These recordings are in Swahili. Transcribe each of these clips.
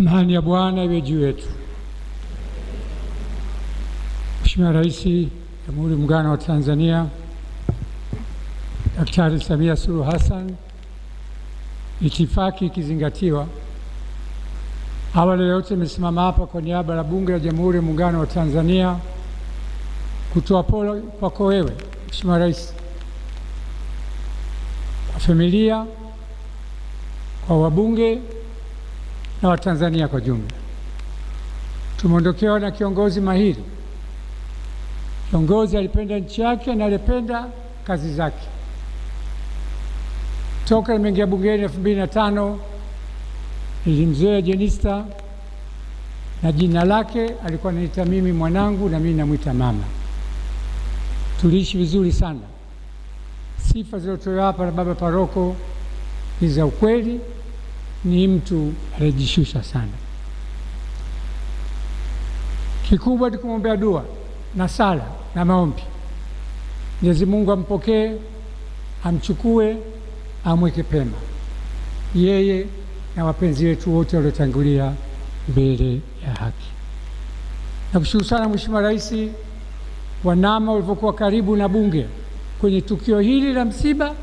Amani ya Bwana iwe juu yetu. Mheshimiwa Rais Jamhuri Muungano wa Tanzania Daktari Samia Suluhu Hassan, itifaki ikizingatiwa, awali yote imesimama hapa kwa niaba ya Bunge la Jamhuri ya Muungano wa Tanzania kutoa pole kwako wewe Mheshimiwa Rais, kwa familia, kwa wabunge na Watanzania kwa jumla. Tumeondokewa na kiongozi mahiri, kiongozi alipenda nchi yake na alipenda kazi zake. Toka nimeingia bungeni elfu mbili na tano nilimzoea Jenista na jina lake alikuwa naita mimi mwanangu, na mimi namwita mama. Tuliishi vizuri sana. Sifa zilizotolewa hapa na baba paroko ni za ukweli ni mtu alijishusha sana. Kikubwa ni kumwombea dua na sala na maombi. Mwenyezi Mungu ampokee, amchukue, amweke pema yeye na wapenzi wetu wote waliotangulia mbele ya haki. Nakushukuru sana Mheshimiwa Rais wa NAMA ulivyokuwa karibu na Bunge kwenye tukio hili la msiba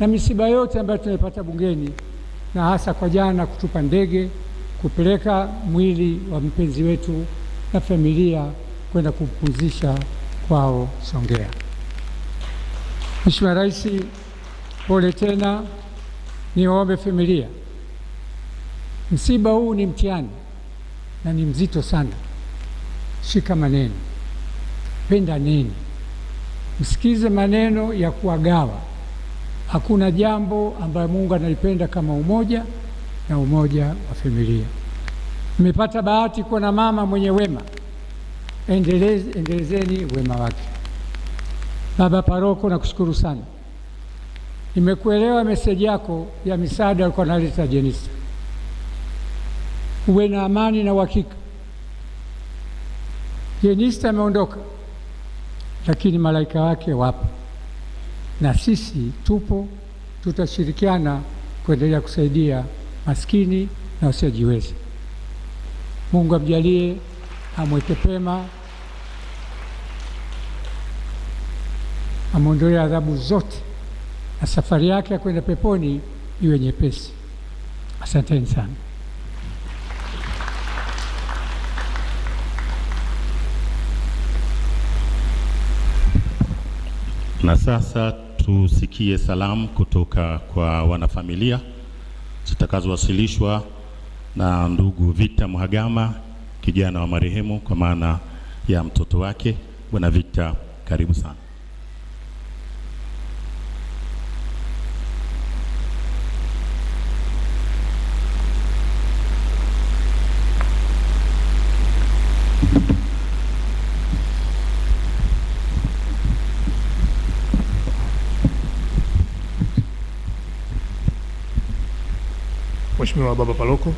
na misiba yote ambayo tunaipata bungeni na hasa kwa jana kutupa ndege kupeleka mwili wa mpenzi wetu na familia kwenda kupumzisha kwao Songea. Mheshimiwa Rais, pole tena. Niwaombe familia, msiba huu ni mtihani na ni mzito sana. Shika maneno, penda neni msikize maneno ya kuwagawa Hakuna jambo ambayo Mungu analipenda kama umoja na umoja wa familia. Mmepata bahati kuwa na mama mwenye wema, endeleze, endelezeni wema wake. Baba Paroko, nakushukuru sana, nimekuelewa meseji yako ya misaada alikuwa analeta Jenista. Uwe na amani na uhakika, Jenista ameondoka, lakini malaika wake wapo na sisi tupo, tutashirikiana kuendelea kusaidia maskini na wasiojiweza. Mungu amjalie, amweke pema, amwondolee adhabu zote na safari yake ya kwenda peponi iwe nyepesi. Asanteni sana. Na sasa tusikie salamu kutoka kwa wanafamilia zitakazowasilishwa na ndugu Vita Mhagama, kijana wa marehemu, kwa maana ya mtoto wake. Bwana Vita, karibu sana. Mheshimiwa Baba Paloko